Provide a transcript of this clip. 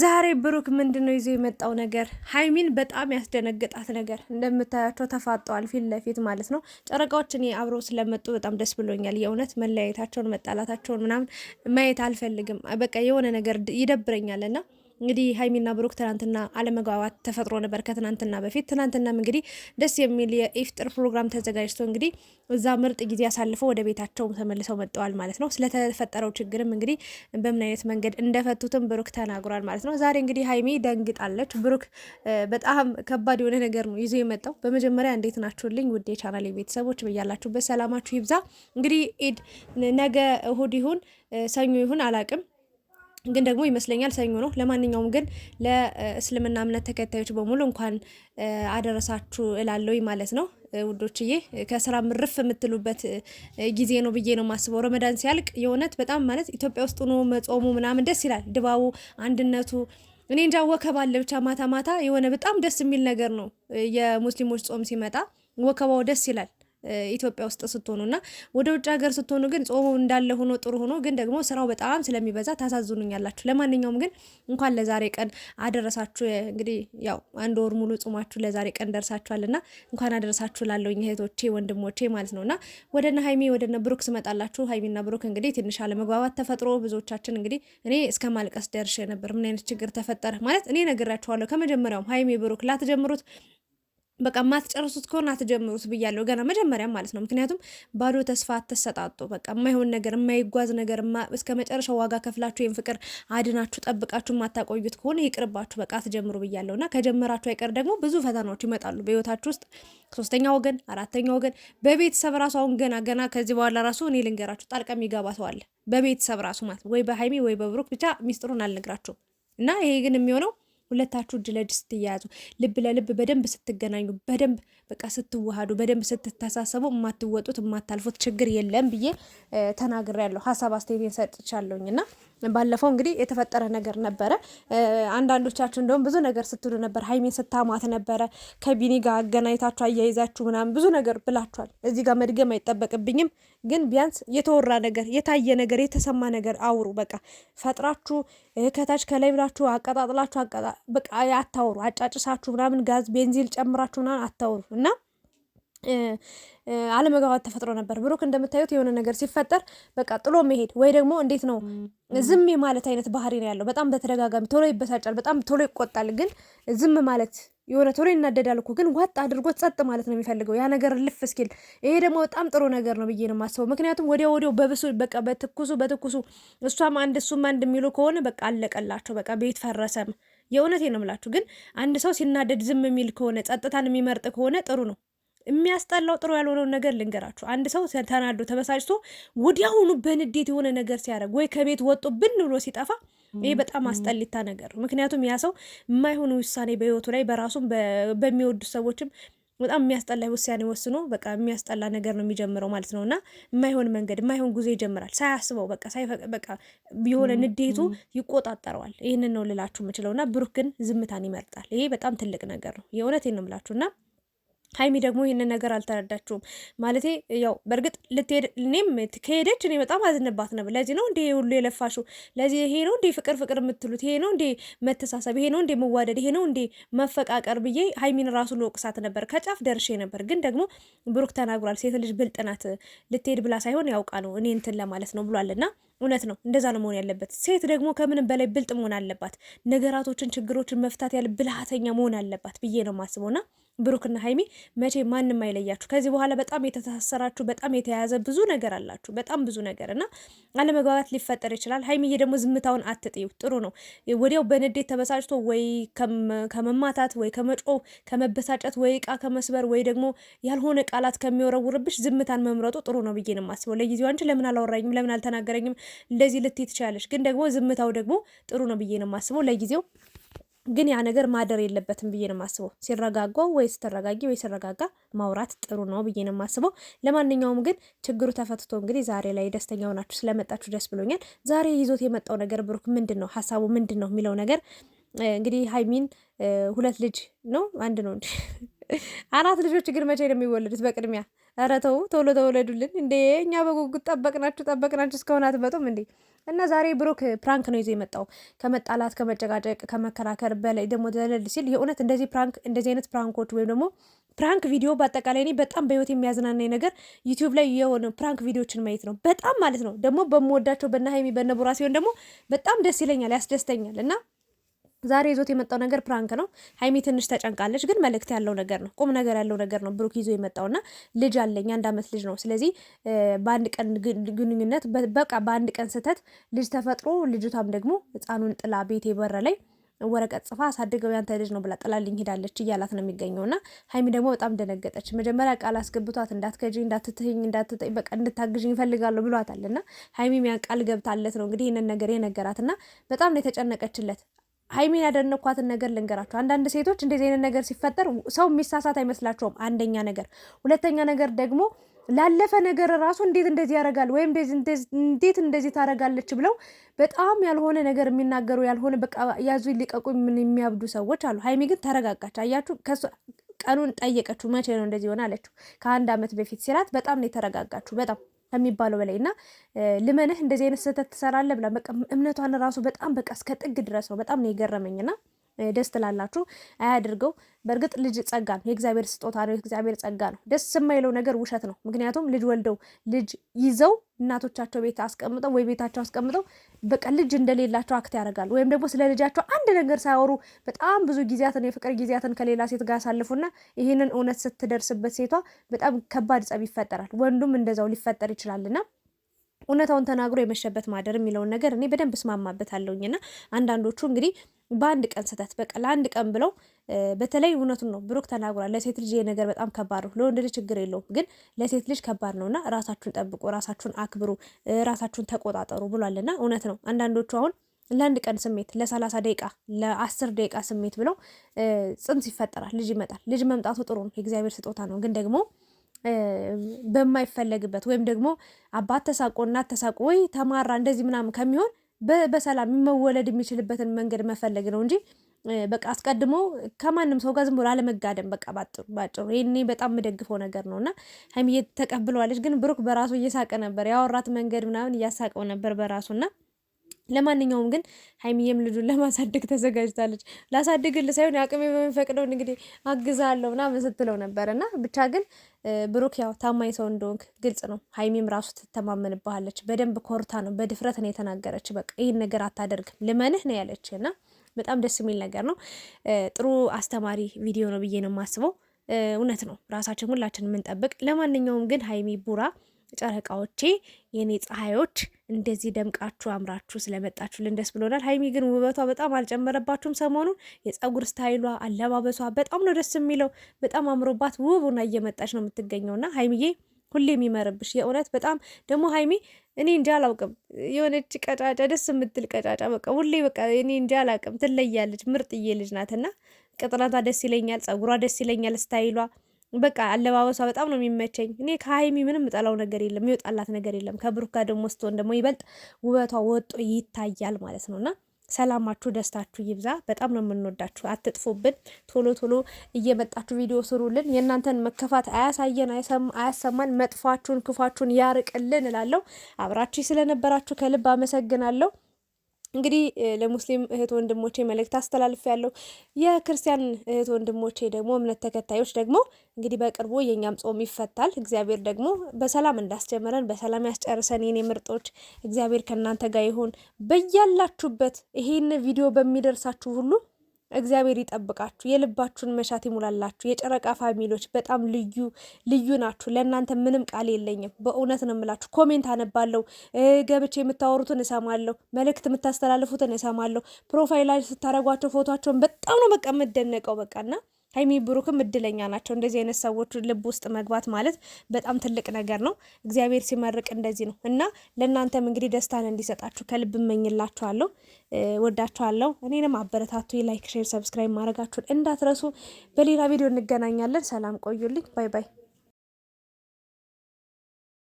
ዛሬ ብሩክ ምንድን ነው ይዞ የመጣው ነገር ሀይሚን በጣም ያስደነገጣት ነገር እንደምታያቸው ተፋጠዋል፣ ፊት ለፊት ማለት ነው። ጨረቃዎችን አብረው ስለመጡ በጣም ደስ ብሎኛል። የእውነት መለያየታቸውን መጣላታቸውን ምናምን ማየት አልፈልግም። በቃ የሆነ ነገር ይደብረኛል እና እንግዲህ ሀይሚና ብሩክ ትናንትና አለመግባባት ተፈጥሮ ነበር ከትናንትና በፊት። ትናንትናም እንግዲህ ደስ የሚል የኢፍጥር ፕሮግራም ተዘጋጅቶ እንግዲህ እዛ ምርጥ ጊዜ አሳልፈው ወደ ቤታቸውም ተመልሰው መጥተዋል ማለት ነው። ስለተፈጠረው ችግርም እንግዲህ በምን አይነት መንገድ እንደፈቱትም ብሩክ ተናግሯል ማለት ነው። ዛሬ እንግዲህ ሀይሚ ደንግጣለች። ብሩክ በጣም ከባድ የሆነ ነገር ነው ይዞ የመጣው። በመጀመሪያ እንዴት ናችሁልኝ ውድ የቻናል ቤተሰቦች፣ በያላችሁበት ሰላማችሁ ይብዛ። እንግዲህ ኢድ ነገ እሁድ ይሁን ሰኞ ይሁን አላቅም ግን ደግሞ ይመስለኛል ሰኞ ነው። ለማንኛውም ግን ለእስልምና እምነት ተከታዮች በሙሉ እንኳን አደረሳችሁ እላለሁ ማለት ነው ውዶችዬ። ከስራ ምርፍ የምትሉበት ጊዜ ነው ብዬ ነው የማስበው። ረመዳን ሲያልቅ የእውነት በጣም ማለት ኢትዮጵያ ውስጥ ሆኖ መጾሙ ምናምን ደስ ይላል። ድባቡ፣ አንድነቱ እኔ እንጃ ወከባለ ብቻ ማታ ማታ የሆነ በጣም ደስ የሚል ነገር ነው የሙስሊሞች ጾም ሲመጣ ወከባው ደስ ይላል። ኢትዮጵያ ውስጥ ስትሆኑ እና ወደ ውጭ ሀገር ስትሆኑ ግን ጾሙ እንዳለ ሆኖ ጥሩ ሆኖ ግን ደግሞ ስራው በጣም ስለሚበዛ ታሳዝኑኛላችሁ። ለማንኛውም ግን እንኳን ለዛሬ ቀን አደረሳችሁ። እንግዲህ ያው አንድ ወር ሙሉ ጾማችሁ ለዛሬ ቀን ደርሳችኋልና እንኳን አደረሳችሁ ላለውኝ እህቶቼ ወንድሞቼ ማለት ነውና ወደነ ሀይሚ ወደነ ብሩክ ስመጣላችሁ ሀይሚና ብሩክ እንግዲህ ትንሽ አለመግባባት ተፈጥሮ ብዙዎቻችን እንግዲህ እኔ እስከ ማልቀስ ደርሼ ነበር። ምን አይነት ችግር ተፈጠረ ማለት እኔ ነግራችኋለሁ ከመጀመሪያውም ሀይሚ ብሩክ ላትጀምሩት በቃ ማትጨርሱት ከሆነ አትጀምሩት ብያለሁ፣ ገና መጀመሪያ ማለት ነው። ምክንያቱም ባዶ ተስፋ አትሰጣጡ። በቃ የማይሆን ነገር፣ የማይጓዝ ነገር እስከ መጨረሻ ዋጋ ከፍላችሁ ይህን ፍቅር አድናችሁ ጠብቃችሁ ማታቆዩት ከሆነ ይቅርባችሁ፣ በቃ አትጀምሩ ብያለሁ እና ከጀመራችሁ አይቀር ደግሞ ብዙ ፈተናዎች ይመጣሉ በህይወታችሁ ውስጥ ሶስተኛ ወገን፣ አራተኛ ወገን፣ በቤተሰብ ራሱ አሁን ገና ገና ከዚህ በኋላ ራሱ እኔ ልንገራችሁ ጣልቃ የሚገባ ሰው አለ በቤተሰብ ራሱ ማለት ወይ በሀይሚ ወይ በብሩክ ብቻ ሚስጥሩን አልነግራችሁም እና ይሄ ግን የሚሆነው ሁለታችሁ እጅ ለእጅ ስትያያዙ፣ ልብ ለልብ በደንብ ስትገናኙ፣ በደንብ በቃ ስትዋሃዱ፣ በደንብ ስትተሳሰቡ የማትወጡት የማታልፉት ችግር የለም ብዬ ተናግሬያለሁ። ሀሳብ አስተያየቴን ሰጥቻለሁኝ እና ባለፈው እንግዲህ የተፈጠረ ነገር ነበረ። አንዳንዶቻችሁ እንደውም ብዙ ነገር ስትሉ ነበር። ሀይሚን ስታማት ነበረ። ከቢኒ ጋር አገናኝታችሁ አያይዛችሁ ምናምን ብዙ ነገር ብላችኋል። እዚህ ጋር መድገም አይጠበቅብኝም፣ ግን ቢያንስ የተወራ ነገር፣ የታየ ነገር፣ የተሰማ ነገር አውሩ። በቃ ፈጥራችሁ ከታች ከላይ ብላችሁ አቀጣጥላችሁ በቃ አታውሩ። አጫጭሳችሁ ምናምን ጋዝ ቤንዚል ጨምራችሁ ምናምን አታውሩ እና አለመግባባት ተፈጥሮ ነበር። ብሩክ እንደምታዩት የሆነ ነገር ሲፈጠር በቃ ጥሎ መሄድ ወይ ደግሞ እንዴት ነው ዝም የማለት አይነት ባህሪ ነው ያለው። በጣም በተደጋጋሚ ቶሎ ይበሳጫል፣ በጣም ቶሎ ይቆጣል። ግን ዝም ማለት የሆነ ቶሎ ይናደዳል እኮ ግን ዋጥ አድርጎት ጸጥ ማለት ነው የሚፈልገው ያ ነገር ልፍ እስኪል። ይሄ ደግሞ በጣም ጥሩ ነገር ነው ብዬ ነው የማስበው። ምክንያቱም ወዲያው ወዲያው በብሱ በቃ በትኩሱ በትኩሱ እሷም አንድ እሱም አንድ የሚሉ ከሆነ በቃ አለቀላቸው። በቃ ቤት ፈረሰም። የእውነቴ ነው የምላችሁ። ግን አንድ ሰው ሲናደድ ዝም የሚል ከሆነ ጸጥታን የሚመርጥ ከሆነ ጥሩ ነው። የሚያስጠላው ጥሩ ያልሆነውን ነገር ልንገራችሁ። አንድ ሰው ተናዶ ተበሳጭቶ ወዲያውኑ በንዴት የሆነ ነገር ሲያደርግ ወይ ከቤት ወጦ ብን ብሎ ሲጠፋ ይህ በጣም አስጠሊታ ነገር ነው። ምክንያቱም ያ ሰው የማይሆን ውሳኔ በህይወቱ ላይ በራሱም በሚወዱ ሰዎችም በጣም የሚያስጠላ ውሳኔ ወስኖ በቃ የሚያስጠላ ነገር ነው የሚጀምረው ማለት ነው። እና የማይሆን መንገድ የማይሆን ጉዞ ይጀምራል ሳያስበው፣ በቃ በቃ የሆነ ንዴቱ ይቆጣጠረዋል። ይህንን ነው ልላችሁ የምችለው። እና ብሩክ ግን ዝምታን ይመርጣል። ይሄ በጣም ትልቅ ነገር ነው። የእውነት ነው የምላችሁ እና ሀይሚ ደግሞ ይህንን ነገር አልተረዳችውም ማለቴ ያው በእርግጥ ልትሄድ እኔም ከሄደች እኔ በጣም አዝንባት ነበር። ለዚህ ነው እንዴ ሁሉ የለፋሹ? ለዚህ ይሄ ነው እንዴ ፍቅር ፍቅር የምትሉት? ይሄ ነው እንዴ መተሳሰብ? ይሄ ነው እንዴ መዋደድ? ይሄ ነው እንዴ መፈቃቀር? ብዬ ሀይሚን ራሱ ልወቅሳት ነበር፣ ከጫፍ ደርሼ ነበር። ግን ደግሞ ብሩክ ተናግሯል። ሴት ልጅ ብልጥ ናት፣ ልትሄድ ብላ ሳይሆን ያውቃ ነው እኔ እንትን ለማለት ነው ብሏልና እውነት ነው። እንደዛ ነው መሆን ያለበት። ሴት ደግሞ ከምንም በላይ ብልጥ መሆን አለባት። ነገራቶችን፣ ችግሮችን መፍታት ያለ ብልሃተኛ መሆን አለባት ብዬ ነው የማስበውና ብሩክና ሀይሚ መቼ ማንም አይለያችሁ። ከዚህ በኋላ በጣም የተሳሰራችሁ በጣም የተያያዘ ብዙ ነገር አላችሁ፣ በጣም ብዙ ነገር እና አለመግባባት ሊፈጠር ይችላል። ሀይሚዬ ደግሞ ዝምታውን አትጥዩ፣ ጥሩ ነው። ወዲያው በንዴት ተበሳጭቶ ወይ ከመማታት ወይ ከመጮ ከመበሳጨት ወይ እቃ ከመስበር ወይ ደግሞ ያልሆነ ቃላት ከሚወረውርብሽ ዝምታን መምረጡ ጥሩ ነው ብዬ ነው የማስበው። ለጊዜው አንቺ ለምን አላወራኝም ለምን አልተናገረኝም እንደዚህ ልትይ ትችላለች፣ ግን ደግሞ ዝምታው ደግሞ ጥሩ ነው ብዬ ነው የማስበው ለጊዜው ግን ያ ነገር ማደር የለበትም ብዬ ነው የማስበው። ሲረጋጋ ወይ ስትረጋጊ ወይ ሲረጋጋ ማውራት ጥሩ ነው ብዬ ነው የማስበው። ለማንኛውም ግን ችግሩ ተፈትቶ እንግዲህ ዛሬ ላይ ደስተኛ ሆናችሁ ስለመጣችሁ ደስ ብሎኛል። ዛሬ ይዞት የመጣው ነገር ብሩክ ምንድን ነው ሀሳቡ ምንድን ነው የሚለው ነገር እንግዲህ ሀይሚን ሁለት ልጅ ነው አንድ ነው አራት ልጆች ግን መቼ ነው የሚወለዱት? በቅድሚያ ኧረ ተው ቶሎ ተወለዱልን እንዴ! እኛ በጉጉት ጠበቅናችሁ ጠበቅናችሁ እስከሆነ አትመጡም እንዴ? እና ዛሬ ብሩክ ፕራንክ ነው ይዞ የመጣው። ከመጣላት ከመጨቃጨቅ፣ ከመከራከር በላይ ደግሞ ዘለል ሲል የእውነት እንደዚህ ፕራንክ እንደዚህ አይነት ፕራንኮች ወይም ደግሞ ፕራንክ ቪዲዮ በአጠቃላይ እኔ በጣም በህይወት የሚያዝናናኝ ነገር ዩቲዩብ ላይ የሆነ ፕራንክ ቪዲዮችን ማየት ነው። በጣም ማለት ነው ደግሞ በምወዳቸው በነ ሀይሚ በነ ቡራ ሲሆን ደግሞ በጣም ደስ ይለኛል፣ ያስደስተኛል እና ዛሬ ይዞት የመጣው ነገር ፕራንክ ነው። ሀይሚ ትንሽ ተጨንቃለች፣ ግን መልእክት ያለው ነገር ነው፣ ቁም ነገር ያለው ነገር ነው። ብሩክ ይዞ የመጣውና ልጅ አለኝ አንድ አመት ልጅ ነው። ስለዚህ በአንድ ቀን ግንኙነት በቃ በአንድ ቀን ስህተት ልጅ ተፈጥሮ ልጅቷም ደግሞ ህፃኑን ጥላ ቤት የበረ ላይ ወረቀት ጽፋ አሳድገው ያንተ ልጅ ነው ብላ ጥላልኝ ሄዳለች እያላት ነው የሚገኘው። እና ሀይሚ ደግሞ በጣም ደነገጠች። መጀመሪያ ቃል አስገብቷት እንዳትከጂ፣ እንዳትትኝ፣ እንዳትጠይ በቃ እንድታግዥኝ ይፈልጋለሁ ብሏታል። እና ሀይሚ ያን ቃል ገብታለት ነው እንግዲህ ይህንን ነገር የነገራት እና በጣም ነው የተጨነቀችለት። ሀይሚን ያደነኳትን ነገር ልንገራቸው። አንዳንድ ሴቶች እንደዚህ አይነት ነገር ሲፈጠር ሰው የሚሳሳት አይመስላቸውም። አንደኛ ነገር፣ ሁለተኛ ነገር ደግሞ ላለፈ ነገር ራሱ እንዴት እንደዚህ ያደርጋል ወይም እንዴት እንደዚህ ታደርጋለች ብለው በጣም ያልሆነ ነገር የሚናገሩ ያልሆነ በቃ ያዙ ሊቀቁ የሚያብዱ ሰዎች አሉ። ሀይሚ ግን ተረጋጋች። አያችሁ ከሱ ቀኑን ጠየቀችው። መቼ ነው እንደዚህ ሆነ አለችው። ከአንድ አመት በፊት ሲላት በጣም ነው የተረጋጋችሁ በጣም ከሚባለው በላይ እና ልመንህ እንደዚህ አይነት ስህተት ትሰራለህ ብላ በቃ እምነቷን ራሱ በጣም በቃ እስከ ጥግ ድረስ ነው። በጣም ነው የገረመኝና ደስ ትላላችሁ። አያድርገው። በእርግጥ ልጅ ጸጋ ነው፣ የእግዚአብሔር ስጦታ ነው፣ የእግዚአብሔር ጸጋ ነው። ደስ የማይለው ነገር ውሸት ነው። ምክንያቱም ልጅ ወልደው ልጅ ይዘው እናቶቻቸው ቤት አስቀምጠው ወይ ቤታቸው አስቀምጠው በቃ ልጅ እንደሌላቸው አክት ያደርጋሉ። ወይም ደግሞ ስለ ልጃቸው አንድ ነገር ሳያወሩ በጣም ብዙ ጊዜያትን የፍቅር ጊዜያትን ከሌላ ሴት ጋር ያሳልፉና ይህንን እውነት ስትደርስበት ሴቷ በጣም ከባድ ጸብ ይፈጠራል። ወንዱም እንደዛው ሊፈጠር ይችላልና እውነታውን ተናግሮ የመሸበት ማደር የሚለውን ነገር እኔ በደንብ እስማማበታለሁኝና አንዳንዶቹ እንግዲህ በአንድ ቀን ስህተት በቃ ለአንድ ቀን ብለው በተለይ እውነቱን ነው ብሩክ ተናግሯል። ለሴት ልጅ ይሄ ነገር በጣም ከባድ ነው። ለወንድ ልጅ ችግር የለውም ግን ለሴት ልጅ ከባድ ነውና ራሳችሁን ጠብቁ፣ ራሳችሁን አክብሩ፣ ራሳችሁን ተቆጣጠሩ ብሏልና እውነት ነው። አንዳንዶቹ አሁን ለአንድ ቀን ስሜት ለሰላሳ ደቂቃ ለአስር ደቂቃ ስሜት ብለው ጽንስ ይፈጠራል፣ ልጅ ይመጣል። ልጅ መምጣቱ ጥሩ ነው፣ የእግዚአብሔር ስጦታ ነው። ግን ደግሞ በማይፈለግበት ወይም ደግሞ አባት ተሳቆ እናት ተሳቆ ወይ ተማራ እንደዚህ ምናምን ከሚሆን በሰላም መወለድ የሚችልበትን መንገድ መፈለግ ነው እንጂ በቃ አስቀድሞ ከማንም ሰው ጋር ዝም ብሎ አለመጋደም። በቃ ባጭሩ ይህኔ በጣም የምደግፈው ነገር ነው እና ሀይሚዬ ተቀብለዋለች። ግን ብሩክ በራሱ እየሳቀ ነበር ያወራት መንገድ ምናምን እያሳቀው ነበር በራሱና ለማንኛውም ግን ሀይሚዬም ልጁን ለማሳደግ ተዘጋጅታለች። ላሳድግልህ ሳይሆን አቅሜ በሚፈቅደውን እንግዲህ አግዛለሁ ምናምን ስትለው ነበር እና ብቻ ግን ብሩክ ያው ታማኝ ሰው እንደሆንክ ግልጽ ነው። ሀይሚም ራሱ ትተማመንብሃለች። በደንብ ኮርታ ነው በድፍረት ነው የተናገረች። በቃ ይህን ነገር አታደርግም ልመንህ ነው ያለች እና በጣም ደስ የሚል ነገር ነው። ጥሩ አስተማሪ ቪዲዮ ነው ብዬ ነው የማስበው። እውነት ነው ራሳችን ሁላችን የምንጠብቅ። ለማንኛውም ግን ሀይሚ ቡራ ጨረቃዎቼ የኔ ፀሐዮች እንደዚህ ደምቃችሁ አምራችሁ ስለመጣችሁልን ደስ ብሎናል። ሀይሚ ግን ውበቷ በጣም አልጨመረባችሁም? ሰሞኑን የፀጉር ስታይሏ፣ አለባበሷ በጣም ነው ደስ የሚለው። በጣም አምሮባት ውብ ሆና እየመጣች ነው የምትገኘውና ሀይሚዬ ሁሌ የሚመርብሽ የእውነት በጣም ደግሞ ሀይሚ እኔ እንጃ አላውቅም፣ የሆነች ቀጫጫ ደስ የምትል ቀጫጫ በቃ ሁሌ በቃ እኔ እንጃ አላውቅም፣ ትለያለች። ምርጥዬ ልጅ ናትና ቅጥረቷ ደስ ይለኛል፣ ፀጉሯ ደስ ይለኛል፣ ስታይሏ በቃ አለባበሷ በጣም ነው የሚመቸኝ። እኔ ከሀይሚ ምንም ጠላው ነገር የለም፣ ይወጣላት ነገር የለም። ከብሩክ ጋር ደግሞ ስትሆን ደግሞ ይበልጥ ውበቷ ወጦ ይታያል ማለት እና ሰላማችሁ ደስታችሁ ይብዛ። በጣም ነው የምንወዳችሁ። አትጥፉብን። ቶሎ ቶሎ እየመጣችሁ ቪዲዮ ስሩልን። የእናንተን መከፋት አያሳየን፣ አያሰማን። መጥፋችሁን ክፋችሁን ያርቅልን እላለሁ። አብራችሁ ስለነበራችሁ ከልብ አመሰግናለሁ። እንግዲህ ለሙስሊም እህት ወንድሞቼ መልእክት አስተላልፍ ያለው የክርስቲያን እህት ወንድሞቼ ደግሞ እምነት ተከታዮች ደግሞ እንግዲህ በቅርቡ የእኛም ጾም ይፈታል። እግዚአብሔር ደግሞ በሰላም እንዳስጀመረን በሰላም ያስጨርሰን። የኔ ምርጦች እግዚአብሔር ከእናንተ ጋር ይሁን በያላችሁበት። ይሄን ቪዲዮ በሚደርሳችሁ ሁሉ እግዚአብሔር ይጠብቃችሁ፣ የልባችሁን መሻት ይሙላላችሁ። የጨረቃ ፋሚሊዎች በጣም ልዩ ልዩ ናችሁ። ለእናንተ ምንም ቃል የለኝም። በእውነት ነው የምላችሁ። ኮሜንት አነባለሁ፣ ገብቼ የምታወሩትን እሰማለሁ፣ መልእክት የምታስተላልፉትን እሰማለሁ። ፕሮፋይል ስታደረጓቸው ፎቶቸውን በጣም ነው በቃ የምደነቀው በቃና ሀይሚ ብሩክም እድለኛ ናቸው። እንደዚህ አይነት ሰዎች ልብ ውስጥ መግባት ማለት በጣም ትልቅ ነገር ነው። እግዚአብሔር ሲመርቅ እንደዚህ ነው እና ለእናንተም እንግዲህ ደስታን እንዲሰጣችሁ ከልብ እመኝላችኋለሁ። ወዳችኋለሁ። እኔንም አበረታቱ። ላይክ፣ ሼር፣ ሰብስክራይብ ማድረጋችሁን እንዳትረሱ። በሌላ ቪዲዮ እንገናኛለን። ሰላም ቆዩልኝ። ባይ ባይ።